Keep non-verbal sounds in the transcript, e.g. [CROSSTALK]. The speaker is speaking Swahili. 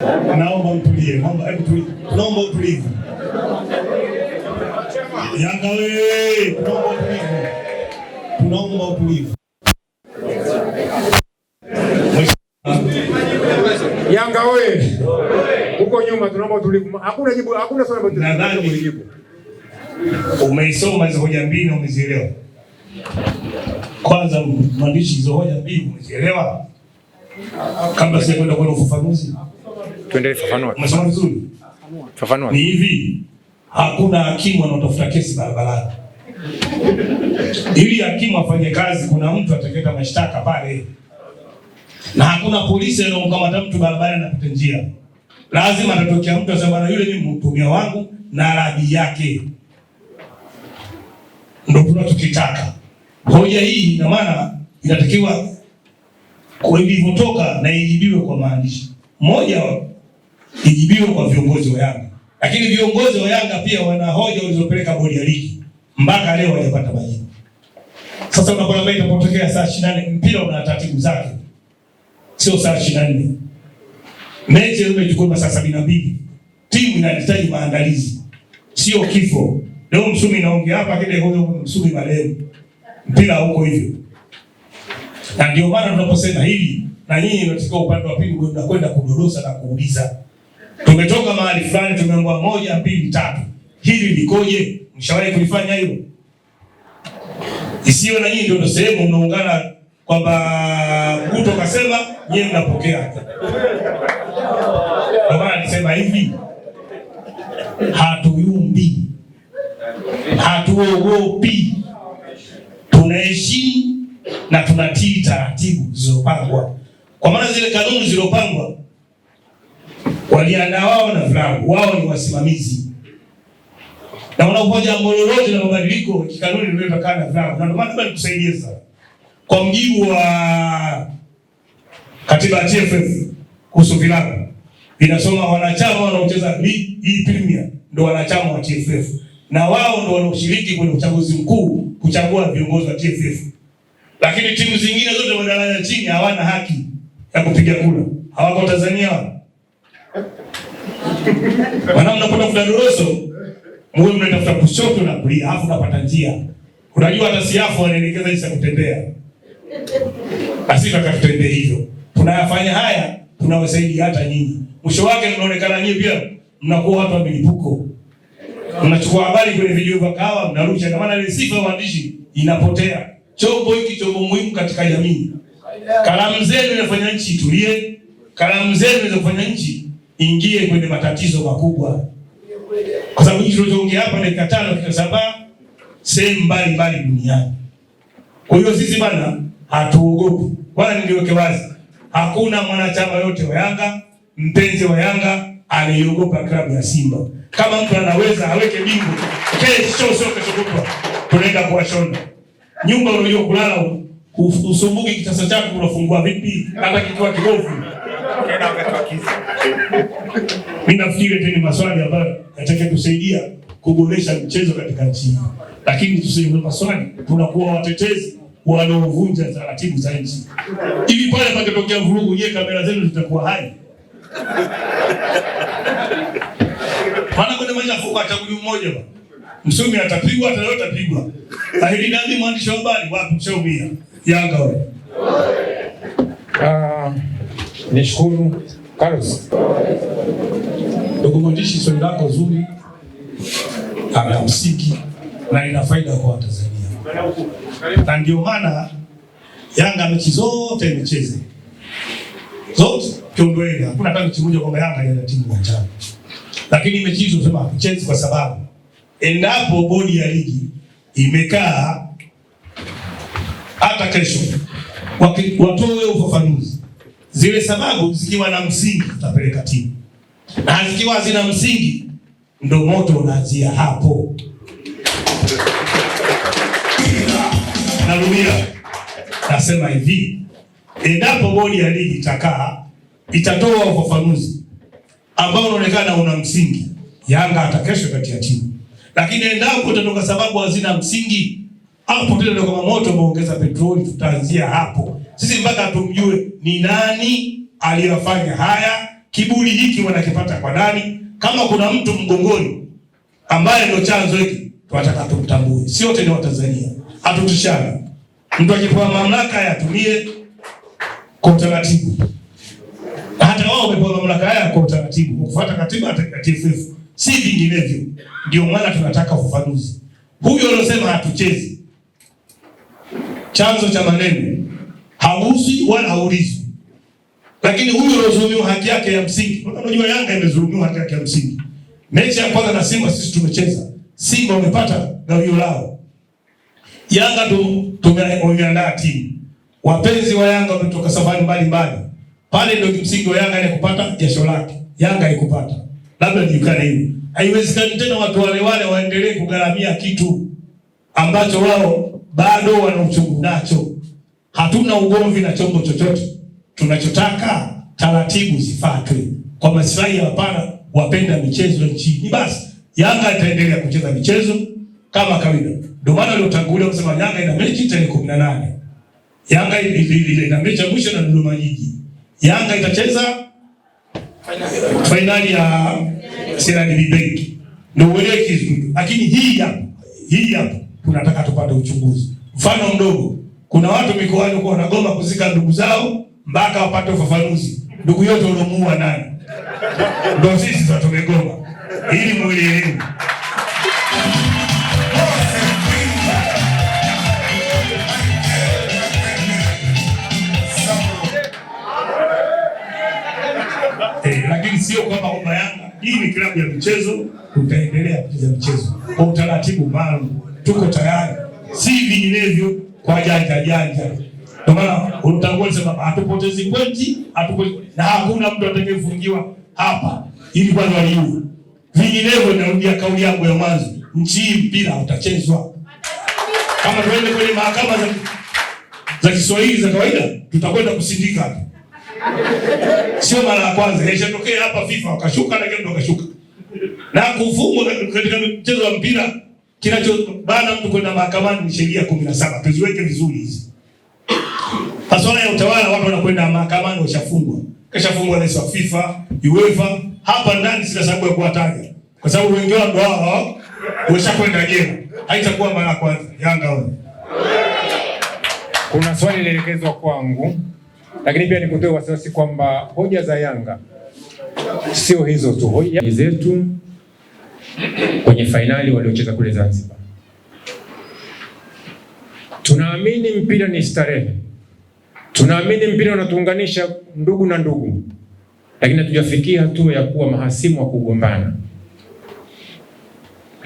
Naomba mtulie, naomba utulivu. Yanga wewe, tunaomba utulivu, tunaomba utulivu. Yanga wewe, huko nyuma tunaomba utulivu. Hakuna jibu, hakuna swali ambalo tunadhani umeisoma hizo hoja mbili na umezielewa. Kwanza mwandishi hizo hoja mbili umezielewa, kabla sikwenda kwenye ufafanuzi Tuendelee, fafanua. Umesoma vizuri. Fafanua. Ni hivi, hakuna hakimu anaotafuta kesi barabarani. Ili hakimu afanye kazi, kuna mtu atakayeta mashtaka pale, na hakuna polisi anayomkamata mtu barabarani anapita njia. Lazima atatokea mtu asema, bwana yule ni mtumia wangu na radi yake. Ndio tukitaka Hoja hii ina maana inatakiwa ilivyotoka na ijibiwe kwa maandishi moja ijibiwe kwa viongozi wa Yanga, lakini viongozi wa Yanga pia wana hoja walizopeleka bodi ya ligi mpaka leo hawajapata majibu. Sasa mbaya itapotokea saa 24 mpira una taratibu zake, sio saa 24. Mechi ile imechukua saa sabini na mbili. Timu inahitaji maandalizi, sio kifo. Leo Msumi naongea hapa kile huyo Msumi marehemu, mpira huko hivyo, na ndio maana tunaposema hili na nyinyi, natakiwa upande wa pili mnakwenda kudorosa na kuuliza Tumetoka mahali fulani tumeambiwa moja, mbili, tatu, hili likoje? Mshawahi kulifanya hilo? Isiwe na nyinyi ndio ndio sehemu mnaungana kwamba mtu kasema yeye mnapokea. Ndio maana nisema hivi, hatuyumbi, hatuogopi, tunaheshimu na tunatii taratibu zilizopangwa, kwa maana zile kanuni zilizopangwa waliandaa wao na vilabu, wao ni wasimamizi, na wanaofanya jambo lolote la mabadiliko kikanuni lililotokana na vilabu, na ndio maana nikusaidie sasa, kwa mjibu wa katiba ya TFF kuhusu vilabu inasoma wanachama wanaocheza hii Premier ndio wanachama wa TFF na wao ndio wanaoshiriki kwenye uchaguzi mkuu kuchagua viongozi wa TFF, lakini timu zingine zote wa daraja chini hawana haki ya kupiga kura, hawako Tanzania. Wanao nakwenda kudaruroso, mwe mnatafuta kushoto na kulia, afu unapata njia. Unajua hata siafu anaelekeza jinsi ya kutembea. Basi tutatutembea hivyo. Tunayafanya haya, tunawasaidia hata nyinyi. Mwisho wake mnaonekana nyinyi pia mnakuwa watu wa milipuko. Mnachukua habari kwenye video vya kawa mnarusha kama ile sifa ya waandishi inapotea. Chombo hiki chombo muhimu katika jamii. Kalamu zenu inafanya nchi tulie. Kalamu zenu inafanya nchi ingie kwenye matatizo makubwa, kwa sababu hii tunachoongea hapa dakika tano dakika saba sehemu mbalimbali duniani. Kwa hiyo sisi bana hatuogopi bwana, niliweke wazi, hakuna mwanachama yote wa Yanga, mpenzi wa Yanga anaiogopa klabu ya Simba. Kama mtu anaweza aweke bingu kesho, sio kesho kutwa, tunaenda kuwashona nyumba uliyokulala, usumbuki kitasa chako unafungua vipi, hata kitoa kibofu [LAUGHS] Mimi nafikiri tena maswali ambayo kusaidia kuboresha mchezo katika nchi, lakini tusiwe maswali tunakuwa watetezi wanaovunja taratibu za nchi. Hivi pale pakitokea vurugu, yeye kamera zenu zitakuwa hai? Maana kuna machafuko kwa chaguli mmoja ba. Msomi atapigwa hata leo atapigwa. Ahili nani mwandishi wa habari wapi msomi? Yanga wewe. Ah, uh, Nishukuru Carlos, ndugu mwandishi, swali lako zuri ana msingi na ina faida kwa Watanzania, na ndio maana Yanga mechi zote imecheze zote, kiondoeni, hakuna hata mechi moja kwamba Yanga ina timu uwanjani, lakini mechi hizo sema hakuchezi kwa sababu endapo bodi ya ligi imekaa hata kesho wakitoa ufafanuzi Zile sababu zikiwa na msingi tutapeleka timu, na zikiwa hazina msingi ndo moto unaanzia hapo. Narudia, nasema hivi, endapo bodi ya ligi itakaa itatoa ufafanuzi ambao unaonekana una msingi, Yanga atakesho kati ya timu, lakini endapo utatoka sababu hazina msingi, hapo ndio kama moto umeongeza petroli, tutaanzia hapo sisi mpaka tumjue ni nani aliyofanya haya. Kiburi hiki wanakipata kwa nani? Kama kuna mtu mgongoni ambaye ndio chanzo hiki, tunataka tumtambue. Si wote ni Watanzania, hatutishana. Mtu akipewa mamlaka yatumie kwa utaratibu. Hata wao wamepewa mamlaka haya kwa utaratibu, kufuata katiba ya TFF, si vinginevyo. Ndio maana tunataka ufafanuzi. Huyo aliyosema hatuchezi, chanzo cha maneno haamuzi wala haulizi, lakini huyu anazulumiwa haki yake ya msingi. Unajua Yanga imezulumiwa haki yake ya msingi. Mechi ya kwanza na Simba sisi tumecheza, Simba wamepata gawio lao, Yanga tu tumeandaa timu. Wapenzi wa Yanga wametoka safari mbalimbali pale, ndio kimsingi wa Yanga ni kupata jasho lake. Yanga haikupata, labda nijukane hivi. Haiwezekani tena watu wale wale waendelee kugharamia kitu ambacho wao bado wana uchungu nacho. Hatuna ugomvi na chombo chochote, tunachotaka taratibu zifuatwe kwa maslahi ya wapana wapenda michezo nchini. Basi Yanga itaendelea kucheza michezo kama kawaida. Ndio maana aliotangulia kusema Yanga ina mechi tarehe 18. Yanga ina mechi ya mwisho na Dodoma Jiji. Yanga itacheza fainali ya Serani Bank. Ndio uelewe Lakini hii hapa, hii hapa tunataka tupate uchunguzi. Mfano mdogo kuna watu mikoani huko wanagoma kuzika ndugu zao mpaka wapate ufafanuzi, ndugu yote uliomuua nani? Ndio sisi tumegoma, ili muelewe. Eh, lakini sio kwamba kwamba Yanga hii ni klabu ya michezo, tutaendelea kucheza michezo kwa utaratibu maalum, tuko tayari, si vinginevyo kwa janja janja. Ndio maana utangua sema hatupotezi pointi, hatupo na hakuna mtu atakayefungiwa hapa ili kwanza waliu. Vinginevyo narudia kauli yangu ya mwanzo, nchi hii mpira utachezwa. Kama tuende kwenye mahakama za za Kiswahili za kawaida tutakwenda kusindika hapa. Sio mara ya kwanza, ishatokea hapa FIFA wakashuka na kile ndo wakashuka. Na kufumu katika mchezo wa mpira kinachobana mtu kwenda mahakamani ni sheria kumi na saba. Tuziweke vizuri hizi. Masuala ya utawala, watu wanakwenda mahakamani washafungwa, kashafungwa rais wa FIFA, UEFA. Hapa ndani sina sababu ya kuwataja kwa sababu wengi wao ndo hao washakwenda jela. Haitakuwa mara kwanza. Yanga wewe, kuna swali lilielekezwa kwangu, lakini pia nikutoe wasiwasi kwamba hoja za Yanga sio hizo tu, hoja zetu kwenye fainali waliocheza kule Zanzibar. Tunaamini mpira ni starehe, tunaamini mpira unatuunganisha ndugu na ndugu, lakini hatujafikia hatua ya kuwa mahasimu wa kugombana.